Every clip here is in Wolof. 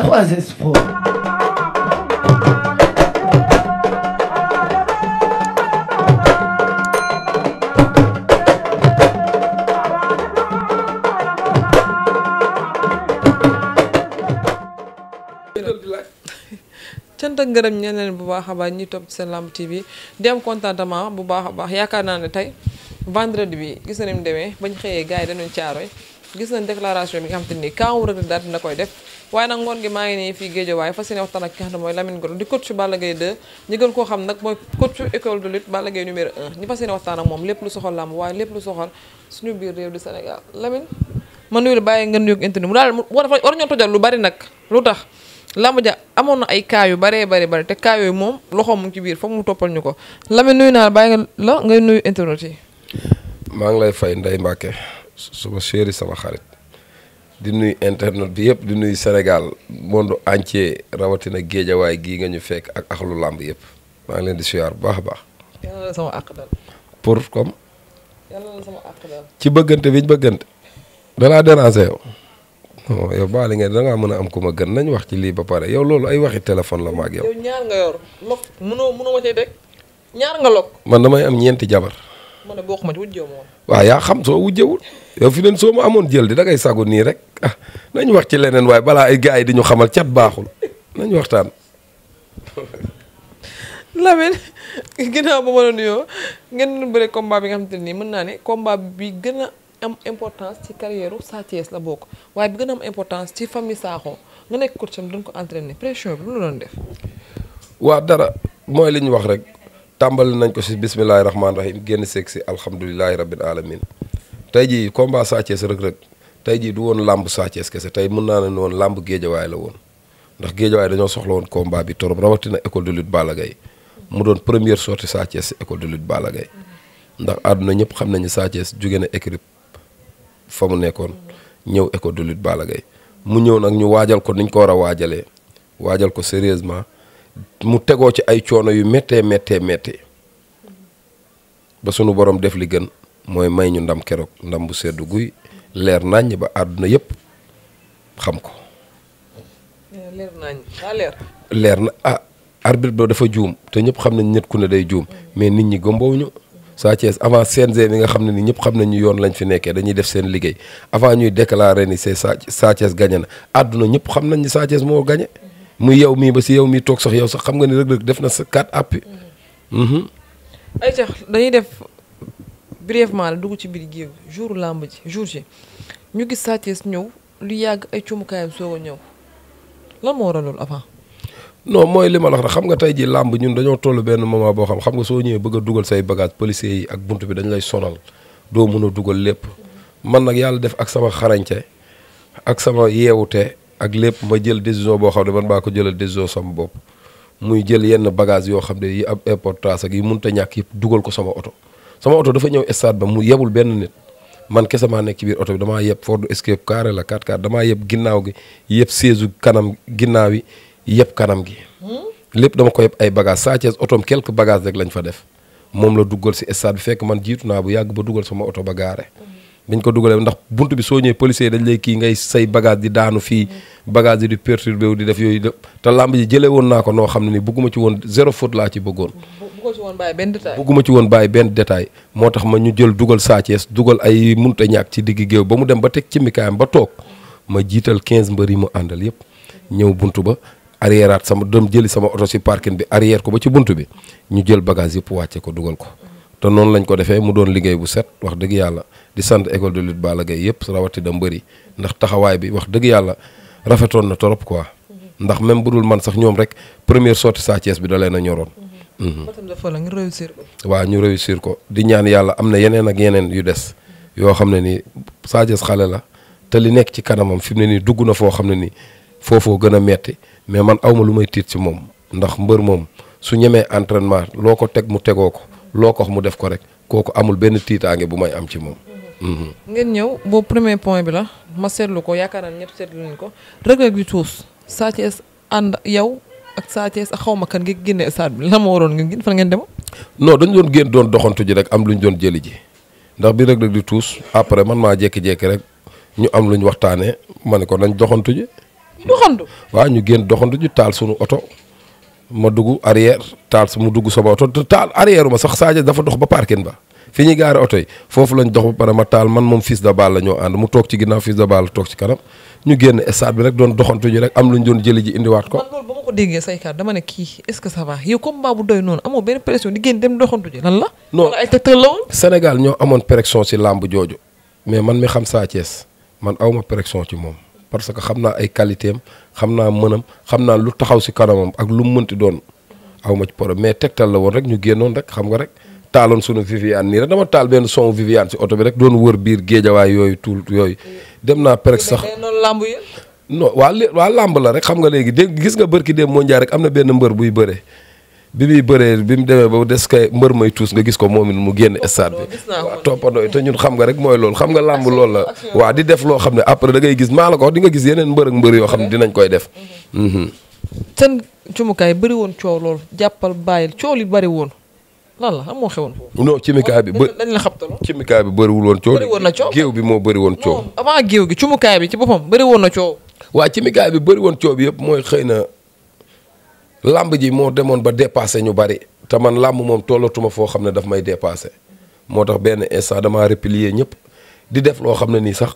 3S Pro. cant ak ngërëm ñeen bu baax a baax ñi topp ci seen lamb TV di contentement bu baax a baax yaakaar naa ne tey vendredi bi gis na ni mu bañ xëyee gars yi dañu caaroy gis nañ déclaration bi nga xam te ni kaawur rek daal dina koy def waaye nag ngoon gi maa ngi ne fii Guédiawaye fas yéene waxtaan ak ki nga xam ne mooy Lamine koo xam nag mooy coach école de lutte Balla Gaye numéro 1 ñu fas yéene waxtaan ak moom lépp lu soxal làmb waaye biir réew di Sénégal Lamine man nuyu la bàyyi nga nuyu internet mu daal war ñoo tojal lu bari nag lu tax làmb ja amoon na ay cas yu baree bari bari te cas yooyu moom loxo mu ci biir foog mu toppal ñu ko Lamine nuyu naa la bàyyi nga la ngay nuyu internet yi maa ngi lay fay Ndeye Mbacke suma chéri sama xarit di nuyu internet bi yëpp di nuyu Sénégal monde entier rawatina géejawaay gii nga ñu fekk ak lu làmb yépp maa ngi leen di suyaar bu baax a baax. yàlla la sama pour comme. ci bëggante bi ñu bëggante. danaa déranger yow. non yow baali ngeen dangaa mën a am ku ma gën nañ wax ci lii ba pare yow loolu ay waxi téléphone la ma ak yow. yow ñaar nga yor. man damay am ñeenti jabar. ma ne bokkuma ci wujjee moom. yaa xam soo wujjewul yow fi leen soo mu amoon jël di dangay ngay nii rek ah wax ci leneen waaye balaa ay gars yi di ñu xamal cat baaxul nañu waxtaan. Lamine ginnaaw ba ma la nuyoo ngeen bëre bi nga xamante nii mën naa ne combat bi gën a am importance ci carrière Sa Thiès la bokk waaye bi gën am importance ci famille Sakho nga nekk coach am doon ko entraîner pression bi lu la doon def. waa dara mooy li wax rek. tàmbali nañ ko si bisimilahi rahmaani rahim génn seek si alhamdulilahi rabbil alamin tey jii combat Sa Thiès rek Reug tey jii du woon làmb Sa Thiès kese tey mën naa ne woon làmb géejawaay la woon ndax géejawaay dañoo soxla woon combat bi torop rawatina école de lutte Balla mu doon première sortie Sa Thiès si école de lutte ndax àdduna ñëpp xam nañu Sa Thiès jóge na écurie fa mu nekkoon ñëw école de lutte Balla Gaye mu ñëw nag ñu waajal ko niñ ko war a waajalee waajal ko sérieusement mu tegoo ci ay coono yu méttee mettee méttee ba sunu borom def li gën mooy may ñu ndam keroog ndam bu sedd guy leer naññ ba àdduna yépp xam ko. leer naññ na ah arbitre ba dafa juum te ñëpp xam nañ nit ne day juum mais nit ñi gëmbawuñu Sa Thiès avant CNG mi nga xam ne ni ñëpp xam nañ ñu yoon lañ fi nekkee dañuy def seen liggéey avant ñuy déclarer ni c'est Sa Thiès gagné na àdduna ñëpp xam nañ ni Sa moo gagné. muy yow mii ba si yow mii toog sax yow sax xam nga ni Reug Reug def na sa quatre appuis. Mhm. ay tax dañuy def brièvement la dugg ci biir géew jour làmb ji jour ji ñu gis Sa Thiès ñëw lu yàgg ay cumukaayam soog a ñëw lan moo waral loolu avant. non mooy li ma la wax xam nga tey ji làmb ñun dañoo tollu benn moment boo xam xam nga soo ñëwee bëgg a dugal say bagage policiers yi ak bunt bi dañ lay sonal doo mën a dugal lépp mhm. man nag yàlla def ak sama xarañte ak sama yeewute ak lépp ma jël décision boo xam ne man maa ko jëlal décision sama bopp muy jël yenn bagage yoo xam ne yi ab importance ak yi mënut a ñàkk yëpp dugal ko sama oto sama oto dafa ñëw stade ba mu yebul benn nit man kese maa nekk ci biir oto bi damaa yeb Ford Escape carré la 4x4 yeb ginnaaw gi yeb seesu kanam ginnaaw yi yeb kanam gi lépp dama ko yeb ay bagage saa Thiès otoom quelques bagages rek lañ fa def moom la duggal si stade bi fekk man jiitu naa bu yàgg ba dugal sama oto ba dañ ko dugalee ndax bunt bi soo ñëwee policier dañ lay kii ngay say bagage di daanu fii bagage yi di perturbé wu di def yooyu te làmb ji jëlee woon naa ko noo xam ne ni bëgguma ci woon zéro faute laa ci bëggoon bëgguma ci woon bàyyi benn détail moo tax ma ñu jël dugal Sa Thiès dugal ay munta ñàkk ci digg géew ba mu dem ba teg ci mikaayam ba toog ma jiital 15 mbër yi ma àndal yëpp ñëw bunt ba arrièreaat sama dem jëli sama oto si parking bi arrière ko ba ci buntu bi ñu jël bagage yëpp wàcce ko dugal ko te noonu lañ ko defee mu doon liggéey bu set wax dëgg yàlla di sant école de lutte Balla Gaye yëpp rawatina mbëri ndax taxawaay bi wax dëgg yàlla rafetoon na trop quoi ndax même bu dul man sax ñoom rek première sortie Sa bi da na ñoroon. ñu mm-hmm. réussir ko. waaw ñu réussir ko di ñaan yàlla am na yeneen ak yeneen yu des yoo xam ne ni Sa Thiès xale la te li nekk ci kanamam fi mu ne nii dugg na foo xam ne nii foofoo gën a metti mais man awma lu may tiit ci moom ndax mbër moom su ñemee entraînement loo ko teg mu tegoo ko. loo ko wax mu def ko rek kooku amul benn tiitaange bu may am ci moom. Mm-hmm. ngeen ñëw boobu premier point bi la ma seetlu ko yaakaar naa ñëpp seetlu ko Reug Reug di tuus Sa ànd yow ak Sa Thiès xaw ma kan gi génne saat bi la ma waroon ngeen gën fan ngeen dem. non dañ doon génn doon doxantu ji rek am lu doon jëli ji ndax bi Reug Reug di tuus après man maa jékki-jékki rek ñu am lu ñu waxtaanee ma ne ko nañ doxantu ji. doxantu waa ñu génn doxantu ji taal suñu oto. ma dugg arrière taal su ma dugg sama oto te taal arrière ma sax Sadio dafa dox ba parking ba fi ñuy gaare oto yi foofu lañ dox ba pare ma taal man moom Fils de Balla la ñoo ànd mu toog ci ginnaaw Fils de Balla toog ci kanam ñu génn stade bi rek doon doxantu ñu rek am ñu doon jëli ji indiwaat ko. man loolu ba ma ko déggee say kàddu dama ne kii est-ce que ça va yow comme bu doy noonu amoo benn pression di génn dem doxantu ji lan la. Sénégal ñoo amoon pression ci làmb jooju mais man mi xam Sa Thiès man awma pression ci moom parce que xam naa ay qualité am xam naa mënam xam naa lu taxaw si kanamam ak lu mënti doon aw ma ci mais tegtal la woon rek ñu génnoon rek xam nga rek taaloon sunu Viviane nii rek dama taal benn son Viviane si oto bi rek doon wër biir géejawaay yooyu tuul yooyu dem naa presque sax non waa waa làmb la rek xam nga léegi dégg gis nga bërki dem moo njaay rek am na benn mbër buy bëre bi muy bëree bi mu demee ba des kay mbër may tuus nga gis ko moom mu génn stade bi waaw toppandoo te ñun xam nga rek mooy loolu xam nga làmb loolu la waaw di def loo xam ne après da ngay gis maa la ko di nga gis yeneen mbër ak yoo xam ne mm-hmm. dinañ koy def mm-hmm. Mm-hmm. seen cumukaay bëri woon coow lool jàppal bàyyil coow li bëri woon lan la am moo xewoon. non cumukaay bi bë dañ la xabtaloo. cumukaay bi bëriwul woon coow. géew bi moo bëri woon coow. avant géew gi cumukaay bi ci boppam bëri woon na coow. waa cumukaay bi bëri woon coow bi yëpp mooy xëy na làmb ji moo demoon ba dépassé ñu bari te man làmb moom tollatuma foo xam ne daf may dépassé moo tax benn instant damaa replier ñëpp di def loo xam ne nii sax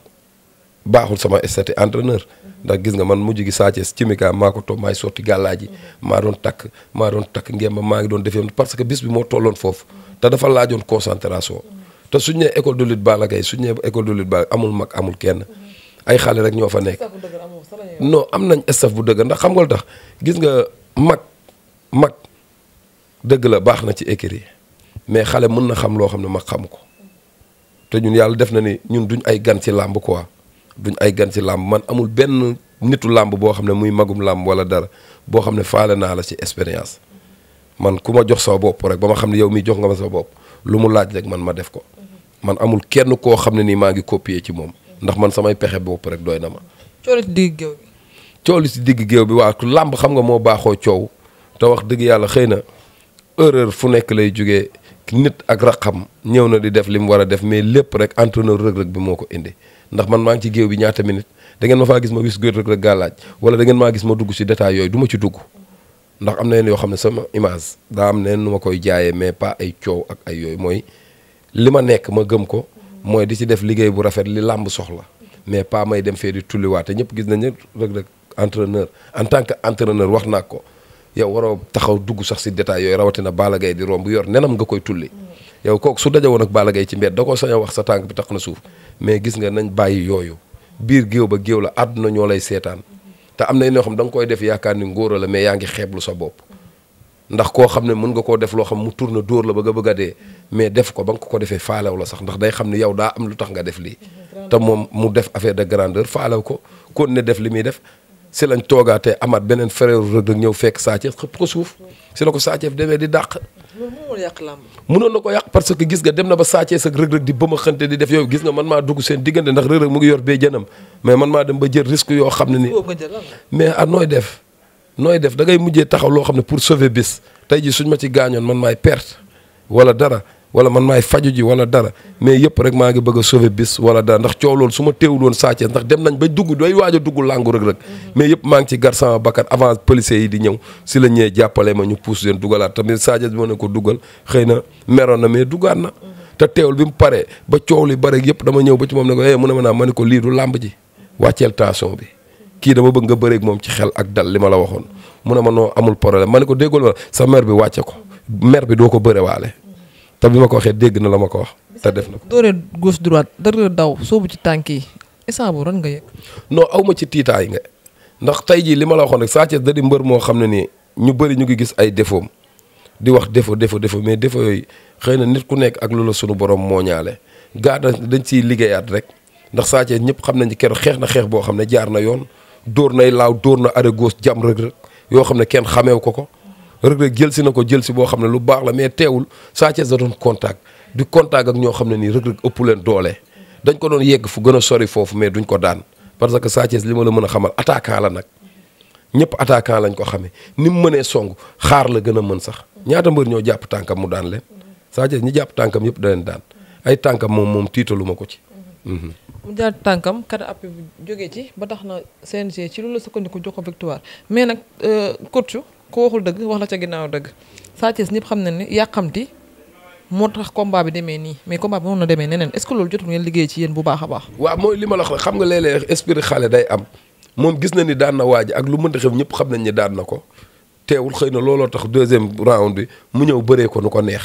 baaxul sama statut entraîneur ndax gis nga man mujj gi saacees ci mika maa ko toog maay sotti gàllaa ji maa doon takk maa doon takk ngemba maa ngi doon defee parce que bis bi moo tolloon foofu te dafa laajoon concentration te suñ nee école de lutte Balla Gaye suñ nee école de lutte Balla amul mag amul kenn ay xale rek ñoo fa nekk nañ staff bu dëgg ndax xam nga lu tax gis nga mag mag dëgg la baax na ci écurie mais xale mën na xam loo xam ne mag xam ko te ñun yàlla def na ni ñun duñ ay gan ci làmb quoi duñ ay gan ci làmb man amul benn nitu làmb boo xam ne muy magum làmb wala dara boo xam ne faale naa la ci expérience man ku ma jox sa bopp rek ba ma xam ne yow mi jox nga ma sa bopp lu mu laaj rek man ma def ko man amul kenn koo xam ne nii maa ngi copier ci moom ndax man samay pexe bopp rek dooy na ma. coow li si digg géew bi waa làmb xam nga moo baaxoo coow te wax dëgg yàlla xëy na erreur fu nekk lay jógee nit ak raqam ñëw na di def li mu war a def mais lépp rek entraîneur rëg-rëg bi moo ko indi ndax man maa ngi ci géew bi ñaata minute da ngeen ma faa gis ma wis góor rëg-rëg gàllaaj wala da ngeen maa gis ma dugg si détail yooy duma ci dugg ndax am na yenn yoo xam ne sama image daa am neen nu ma koy jaayee mais pas ay coow ak ay yooyu mooy li ma nekk ma gëm ko mooy di ci def liggéey bu rafet li làmb soxla mais pas may dem fee di tulliwaate ñëpp gis nañ ne rëg entraîneur en tant que entraîneur wax naa ko yow waroo taxaw dugg sax si détail yooyu rawatina Balla Gaye di romb yor nenam nga koy tulli. yow kooku su daje woon ak Balla Gaye ci mbedd da koo sañ wax sa tànk bi tax na suuf mais gis nga nañ bàyyi yooyu biir géew ba géew la àdduna ñoo lay seetaan te am na ñoo xam da nga koy def yaakaar ni ngóora la mais yaa ngi xeeblu sa bopp. ndax koo xam ne mën nga koo def loo xam mu tourne dóor la ba nga bëgg a dee mais def ko ba nga ko defee faalew la sax ndax day xam ne yow daa am lu tax nga def lii. te moom mu def affaire de grandeur faalew ko kon ne def li muy def si lañ toogaatee amaat beneen frère Reug Reug ñëw fekk Sa Thiès xëpp ko suuf si la ko Sa Thiès demee di dàq. mënoon na ko yàq parce que gis nga dem na ba Sa sag ak Reug Reug di bëma xante di def yow gis nga man maa dugg seen diggante ndax Reug Reug mu ngi yor bee jënam mais man maa dem ba jël risque yoo xam ne ni mais ah nooy def nooy def da ngay mujjee taxaw loo xam ne pour sauver bis tey ji suñ ma ci gaañoon man maay perte wala dara wala man maay faju ji wala dara mais yëpp rek maa ngi bëgg a bis wala dara ndax coow loolu su ma teewul woon Sa Thiès ndax dem nañ ba dugg doy waaj dugg làngu rek rek mhm. mais maa ngi ci gar sama bakkan avant policiers yi di ñëw si la ñëwee jàppale ma ñu pousse leen dugalaat tamit Sa bi ma ko dugal xëy na meroon na mais dugaat na mhm. te teewul bi mu paree ba coow li bare yëpp dama ñëw ba ci moom ne ko eh mu ne ne ko lii du làmb ji bi kii dama bëgg nga bëreeg moom ci xel ak dal li ma la waxoon mu ne ma noo problème ma ne ko déggul sa mère bi wàcce ko mère bi doo ko bërewaale te bi ma ko waxee dégg na la ma ko wax def na ko. dooree gauche droite dara daw soobu ci tànk yi instant boobu ran nga yëg. non aw ma ci tiitaay nga ndax tey jii li ma la waxoon rek Sa Thiès da di mbër moo xam ne nii ñu bëri ñu ngi gis ay défaut di wax défaut défaut défaut mais défaut xëy na nit ku nekk ak lu la sunu borom moo ñaale gaa dañ ciy liggéeyaat rek ndax Sa Thiès ñëpp xam nañu keroog xeex na xeex boo xam ne jaar na yoon dóor nay laaw dóor na arrêt gauche jàmm rëg rëg yoo xam ne kenn xameew ko ko. Reug Reug jël si na ko jël si boo xam ne lu baax la mais teewul Sa da doon contact di contact ak ñoo xam ne nii Reug ëpp leen doole dañ ko doon yegg fu gën a sori foofu mais duñ ko daan parce que Sa li ma la mën a xamal attaquant la nag ñëpp attaquant lañ ko xamee ni mënee song xaar la gën a mën sax ñaata mbër ñoo jàpp tànkam mu daan leen Sa Thiès ñi jàpp tànkam yëpp da leen daan ay tànkam moom moom tiitalu ma ko ci. Mhm. mu jaar tànkam kada appui bu ku waxul dëgg wax la ca ginnaaw dëgg Sa Thiès ñëpp xam ne ne yàqamti moo tax combat bi demee nii mais combat bi moom na demee neneen est-ce que loolu jotul ngeen liggéey ci yéen bu baax a baax. waaw mooy li ma la wax xam nga léeg-léeg gis na ni daan na waaj ak lu mënta xew ñëpp xam nañ ni daan na ko teewul xëy na looloo tax deuxième round bi mu ñëw bëree ko nu ko neex.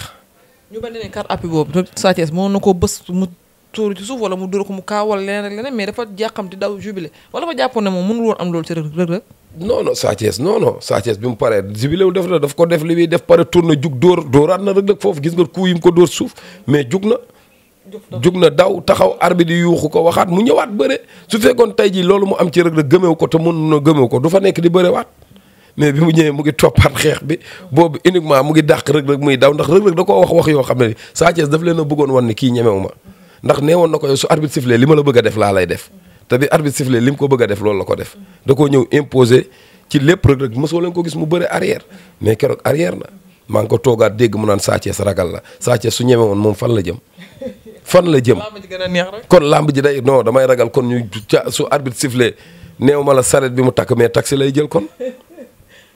ñu mel ne carte appui boobu Sa Thiès na ko bës mu tuuru ci suuf wala mu dóor ko mu kaa wala leneen ak leneen mais dafa jàqamti daw jubilé wala fa jàppoon ne moom mënul woon am loolu ci Reug non non Sa Thiès non non Sa Thiès bi mu paree jubiléwu def na daf ko def li muy def pare tourne jug dóor dóoraat na rëg-rëg foofu gis nga coup yi mu ko dóor suuf mais jug na jug na daw taxaw arbitre di yuuxu ko waxaat mu ñëwaat bëre su fekkoon tey ji loolu mu am ci rëg-rëg gëmewu ko te mën na gëmeew ko du fa nekk di bëre waat mais bi mu ñëwee mu ngi topp toppaat xeex bi boobu uniquement mu ngi dàq rëg-rëg muy daw ndax rëg-rëg da koo wax wax yoo xam ne Sa Thiès daf leen a bëggoon wan kii ñemewu ma ndax nee woon na ko yow li ma la bëgg a def laa lay def te bi arbitre sifflé li mu ko bëgg a def loolu la ko def da koo ñëw imposé ci lépp rek rek mosoo leen ko gis mu bëri arrière mais keroog arrière na maa ngi ko toogaat dégg mu naan Sa Thiès ragal la Sa su ñeme woon moom fan la jëm fan la jëm kon lamb ji day non damay ragal kon ñu ca su arbitre sifflé néew ma la saret bi mu takk mais taxi lay jël kon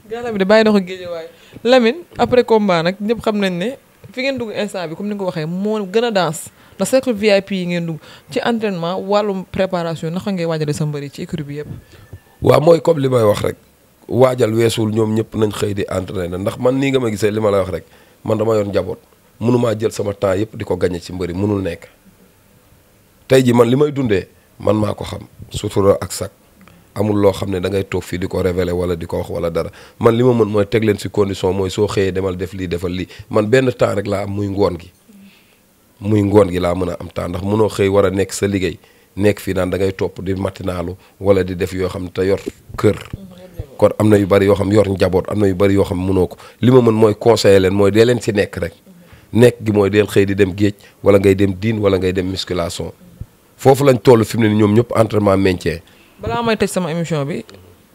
gaala bi bàyyi na ko géej waay Lamine après combat nag ñëpp xam nañ ne fi ngeen dugg instant bi comme ni nga ko waxee moo gën a danse ndax cercle VIP yi ngeen dugg ci entraînement wàllum préparation naka ngay waajale sa mbëri ci écurie bi yëpp. waaw mooy comme li may wax rek waajal weesul ñoom ñëpp nañ xëy di entraîner ndax man nii nga ma gisee li ma lay wax rek man dama yoon njaboot mënumaa jël sama temps yëpp di ko gañe ci mbëri mënul nekk tey jii man li may dundee man maa ko xam sutura ak sac amul loo xam ne da ngay toog fii di ko révéler wala di ko wax wala dara man li ma mën mooy teg leen si condition mooy soo xëyee demal def lii defal lii man benn temps rek laa muy ngoon gi muy ngoon gi laa mën a am temps ndax mënoo xëy war a nekk sa liggéey nekk fii naan da ngay topp di matinaalu wala di def yoo xam te yor kër. kon am na yu bari yoo xam yor njaboot am na yu bari yoo xam mënoo ko li ma mën mooy conseiller leen mooy dee leen ci nekk rek. nekk gi mooy deel xëy di dem géej wala ngay dem diin wala ngay dem musculation foofu lañ toll fi mu ne ni ñoom ñëpp entraînement maintien. balaa may tëj sama émission bi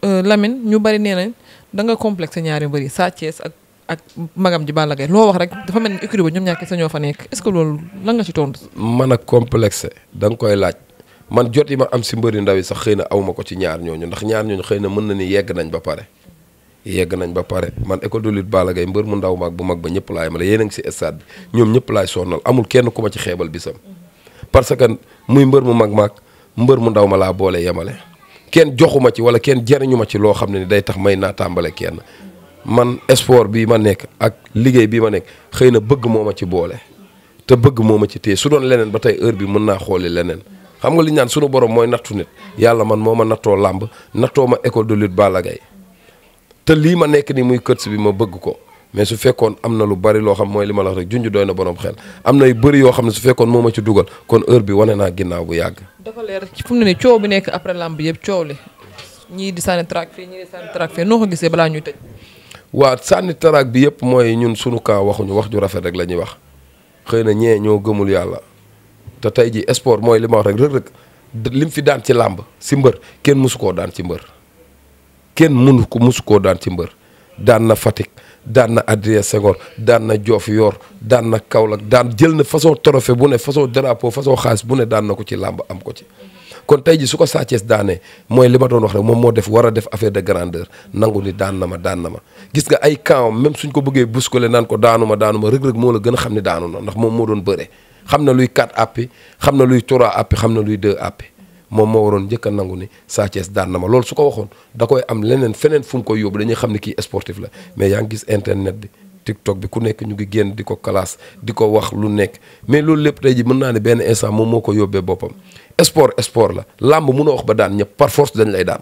euh, Lamine ñu bari nee nañ da nga complexe ñaari mbër yi Sa ak. ak magam ji Balla Gaye loo wax rek dafa mel ni écurie ba ñoom ñaar fa nekk est-ce que loolu nga ci tontu. man ak complexe da koy laaj man jot yi ma am si mbëri ndaw yi sax xëy na aw ma ko ci ñaar ñooñu ndax ñaar ñooñu xëy na mën na ni yegg nañ ba pare. yegg nañ ba pare man école de lutte Balla mbër mu ndaw maag bu mag ba ñëpp laay ma la yéen ngi si stade ñoom ñëpp laay sonnal amul kenn ku ma ci xeebal bisam. parce que muy mbër mu mag maag mbër mu ndaw ma laa boole yemale kenn joxuma ci wala kenn jariñu ma ci loo xam ne ni day tax may naa tàmbale kenn man sport bii ma nekk ak liggéey bii ma nekk xëy na bëgg moo ma ci boole te bëgg moo ma ci téye su doon leneen ba tey heure bi mën naa xooli leneen xam nga li ñaan sunu borom mooy nattu nit yàlla man moo ma nattoo làmb nattoo ma école de lutte Balla Gaye te lii ma nekk nii muy kër si bi ma bëgg ko mais su fekkoon am na lu bari loo xam mooy li ma la wax rek junj doy na borom xel am na yu bëri yoo xam ne su fekkoon moo ma ci dugal kon heure bi wane naa ginnaaw bu yàgg. bi nekk après làmb yëpp coow li ñii di sànni trac noo ko gisee balaa ñuy tëj waa sànni taraak bi yëpp mooy ñun sunu kaa waxuñu wax ju rafet rek la ñuy wax xëy na ñee ñoo gëmul yàlla te tey ji sport mooy li ma wax rek rëg rëg lim fi daan ci làmb si mbër kenn musu koo daan ci mbër kenn mënu ko musu koo daan ci mbër daan na Fatick daan na Adrien Senghor daan na yoor daan na Kaolack daan jël na façon trophée bu ne façon drapeau façon xaalis bu ne daan na ko ci làmb am ko ci kon tey ji su ko Sa Thiès daanee mooy li ma doon wax rek moom moo def war a def affaire de grandeur nangu ni daan na ma daan na ma gis nga ay camp même suñ ko bëggee bousculer naan ko daanu ma daanu ma rëg-rëg moo la gën a xam ne daanu na ndax moom moo doon bëre xam na luy 4 appi xam na luy 3 appi xam na luy 2 appi moom moo waroon njëkk a nangu ni Sa daan na ma loolu su ko waxoon da koy am leneen feneen fu mu koy yóbbu dañuy xam ne kii sportif la mais yaa ngi gis internet bi TikTok bi ku nekk ñu ngi génn di ko classe di ko wax lu nekk mais loolu lépp tey ji mën naa ne benn instant moom moo ko yóbbee boppam sport sport la làmb mun a wax ba daan ñëpp par force dañ lay daan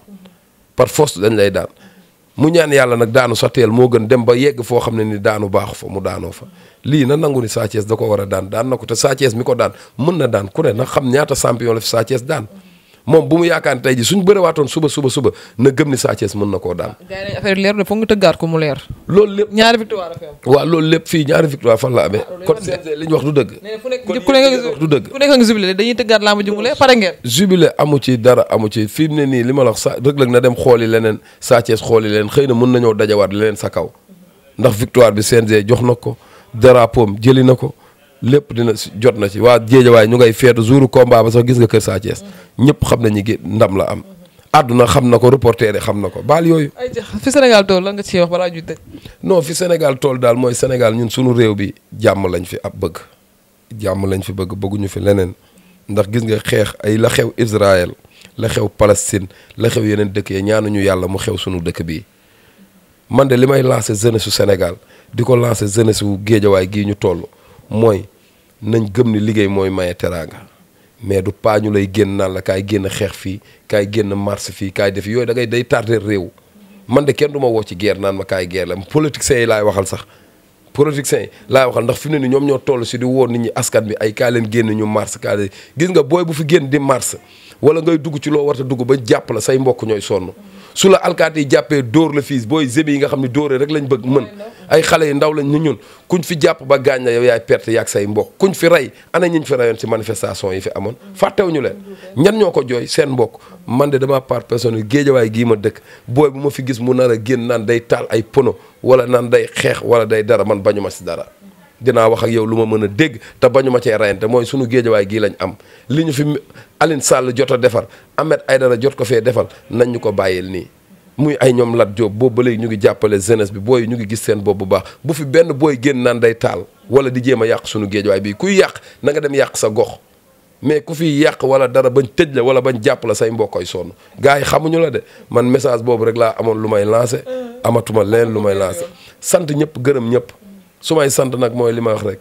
par force dañ lay daan mu ñaan yàlla nag daanu sotteel moo gën dem ba yegg foo xam ne ni daanu baaxu fa mu daanoo fa lii na nangu ni Sa da ko war a daan daan na ko te Sa Thiès mi ko daan mën na daan ku ne na xam ñaata champion la fi Sa Thiès daan moom bu mu yaakaar tey ji suñ bëriwaatoon suba suba suba na gëm ni Sa Thiès mën na koo daan. gars yi affaire leer na foog nga tëggaat ko mu leer. loolu lépp ñaari victoire la waaw loolu lépp fii ñaari victoire fan la amee. Ah, kon CNG li ñu wax du dëgg. ku nekk ku nekk dañuy tëggaat làmb ji mu leer pare ngeen. jubilé amu ci dara amu ci fii mu ne nii li ma la wax sa rëgg na dem xooli leneen Sa Thiès xooli leneen xëy na mën nañoo dajawaat leneen sa kaw ndax victoire bi CNG jox na ko drapeau jëli na ko lépp dina jot na ci waa Géejawaay ñu ngay feetu jouru combat ba sax gis nga Kër Sa Thiès ñëpp xam nañu gi ndam la am. àdduna xam na ko reporter yi xam na ko baal yooyu. ay fi Sénégal tool nga ciy wax balaa ñuy tëj. non fi Sénégal tool daal mooy Sénégal ñun suñu réew bi jàmm lañ fi ab bëgg jàmm lañ fi bëgg bëgguñu fi leneen ndax gis nga xeex ay la xew Israël la xew Palestine la xew yeneen dëkk yi ñaanuñu yàlla mu xew suñu dëkk bii. man de li may lancer jeunesse su Sénégal di ko lancer jeunesse su Géejawaay gii ñu toll mooy. nañ gëm ni liggéey mooy maye teraanga mais du paañu lay génn naan la kaay génn xeex fii kaay génn marche fii kaay def yooyu da ngay day tardé réew man de kenn du ma woo ci guerre naan ma kaay guerre la politiciens yi laay waxal sax politiciens yi laay waxal ndax fi ne ni ñoom ñoo toll si di woon nit ñi askan bi ay kaa leen génn ñu marche kaa leen gis nga booy bu fi génn di marche wala ngay dugg ci loo war a dugg ba jàpp la say mbokk ñooy sonn su la alkaati jàppee dóor la fiis booy zébi yi nga xam ne dóoree rek lañ bëgg mën ay xale yu ndaw lañ ni ñun kuñ fi jàpp ba gaañ la yow yaay perte ak say mbokk kuñ fi rey ana ñu fi reyoon ci manifestation yi fi amoon fàttewuñu leen ñan ñoo ko jooy seen mbokk man de dama part personnel géejawaay gii ma dëkk booy bu ma fi gis mu nar a génn naan day taal ay pono wala naan day xeex wala day dara man bañu ma ci dara dinaa wax ak yow lu ma mën a dégg te bañu ma cee rayante mooy sunu géejawaay gii lañu am li ñu fi Aline Sall jot a defar Ahmed Aïdara jot ko fee defal nañ ñu ko bàyyil nii muy ay ñoom Lat Diop boobu ba léegi ñu ngi jàppale jeunesse bi booy ñu ngi gis seen bopp bu baax bu fi benn booy génn naan day taal wala di jéem a yàq sunu géejawaay bii kuy yàq na nga dem yàq sa gox mais ku fi yàq wala dara bañ tëj la wala bañ jàpp la say mbokkoy sonn gars yi xamuñu la de man message boobu rek laa amoon lu may lancé mm. amatuma leen lu may lancé mm. sant ñëpp gërëm ñëpp su may sant nag mooy li ma wax rek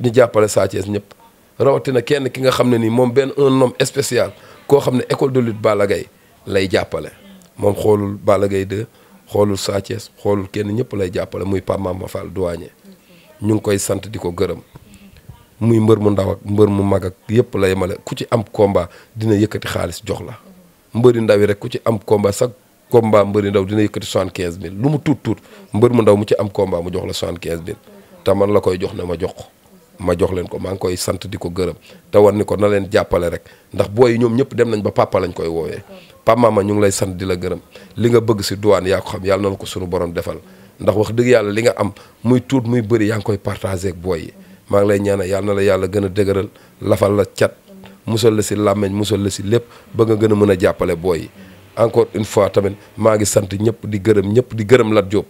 ñu jàppale Sa Thiès ñëpp rawatina kenn ki nga xam ne nii moom benn un homme spécial koo xam ne école de lutte Balla Gaye lay jàppale moom xoolul Balla Gaye 2 xoolul Sa Thiès xoolul kenn ñëpp lay jàppale muy Pape Mama Fall douanier ñu ngi koy sant di ko gërëm muy mbër mu ndaw ak mbër mu mag ak yëpp lay yemale ku ci am komba dina yëkkati xaalis jox la mbëri ndaw yi rek ku ci am combat sax combat mbëri ndaw dina yëkkati soixante quinze mille lu mu tuut tuut mbër mu ndaw mu ci am combat mu jox la soixante quinze mille te man la koy jox ne ma jox ko ma jox leen ko maa ngi koy sant di ko gërëm te war ko na leen jàppale rek ndax booy yi ñoom ñëpp dem nañ ba papa lañ koy woowee papa maama ñu ngi lay sant di la gërëm li nga bëgg si duwaan yaa ko xam yàlla na la ko sunu borom defal ndax wax dëgg yàlla li nga am muy tuut muy bëri yaa ngi koy partagé ak booy maa ngi lay ñaanal yàlla na la yàlla gën a dëgëral lafal la cat musal la si làmmeñ musal la si lépp ba nga gën a mën a jàppale booy encore une fois tamit maa ngi sant ñëpp di gërëm ñëpp di gërëm Lat Diop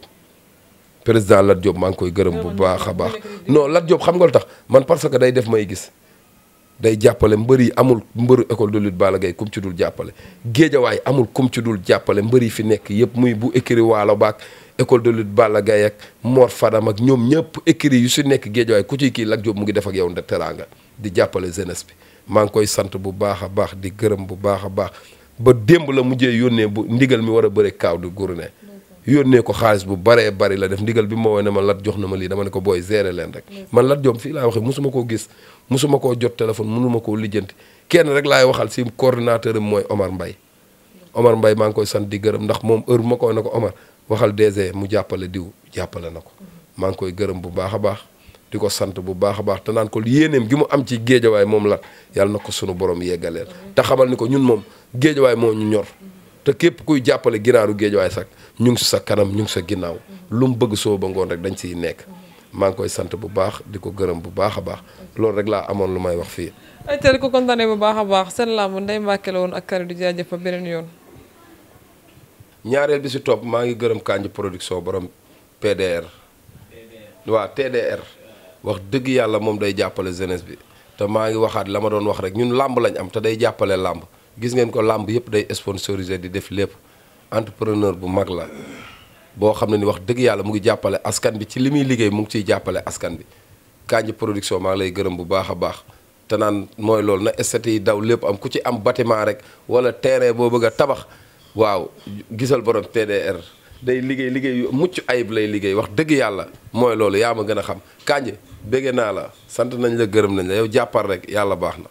président Lat Diop maa ngi koy gërëm bu baax a baax non Lat Diop xam nga lu tax man parce que day def may gis day jàppale mbër yi amul mbëru école de lutte Balla Gaye kum dul jàppale géejawaay amul kum ci jàppale mbër yi fi nekk yëpp muy bu écrit waalo baak école de lutte Balla Gaye ak Mor Fadam ak ñoom ñëpp écrit yu si nekk géejawaay ku ciy kii Lat Diop mu ngi def ak yow nda teraanga di jàppale jeunesse bi maa ngi koy sant bu baax a baax di gërëm bu baax a baax ba démb la mujjee yónnee bu ndigal mi war a bëre kaaw du gourné yónnee ko xaalis bu baree bari la def ndigal bi moo woo ne ma lat jox na ma lii dama ne ko booy gérer leen rek man lat joom fii laa waxe musuma koo gis musuma koo jot téléphone mënuma koo lijjanti kenn rek laay waxal si coordinateur am mooy Omar mbay Omar mbay maa ngi koy sant di gërëm ndax moom heure bu ma ko ne ko Omar waxal DG mu jàppale diw jàppale na ko mm-hmm. maa ngi koy gërëm bu baax a baax di ko sant bu baax a baax te naan ko yéeneem gi mu am ci géejawaay moom la yal na ko sunu boroom yeggaleel te xamal ni ko ñun moom géejawaay moo ñu ñor te képp kuy jàppale ginaaru géejawaay sax ñu ngi sa kanam ñu ngi sa ginnaaw lu mu bëgg soo ba ngoon rek dañ siy nekk maa ngi koy sant bu baax di ko gërëm bu baax a baax loolu rek laa amoon lu may wax fii. ay teel ko kontaanee bu baax a baax seen làmb Ndeye Mbacke la woon ak kàddu di jaajëf ba beneen yoon. ñaareel bi si topp maa ngi gërëm Kanji production borom PDR. wax dëgg yàlla moom day jàppale jeunesse bi te maa ngi waxaat la ma doon wax rek ñun làmb lañu am te day jàppale làmb gis ngeen ko làmb yëpp day sponsorisé di def lépp entrepreneur bu mag la boo xam ne ni wax dëgg yàlla mu ngi jàppale askan bi ci li muy liggéey mu ngi ciy jàppale askan bi Kandji production maa lay gërëm bu baax a baax te naan mooy loolu na estate yi daw lépp am ku ci am batiment rek wala terrain boo bëgg tabax waaw gisal borom TDR day liggéey liggéey mucc ayib lay liggéey wax dëgg yàlla mooy loolu yaa ma gën a xam Kandji bëgg naa la sant nañ la gërëm nañ la yow jàppal rek yàlla baax na.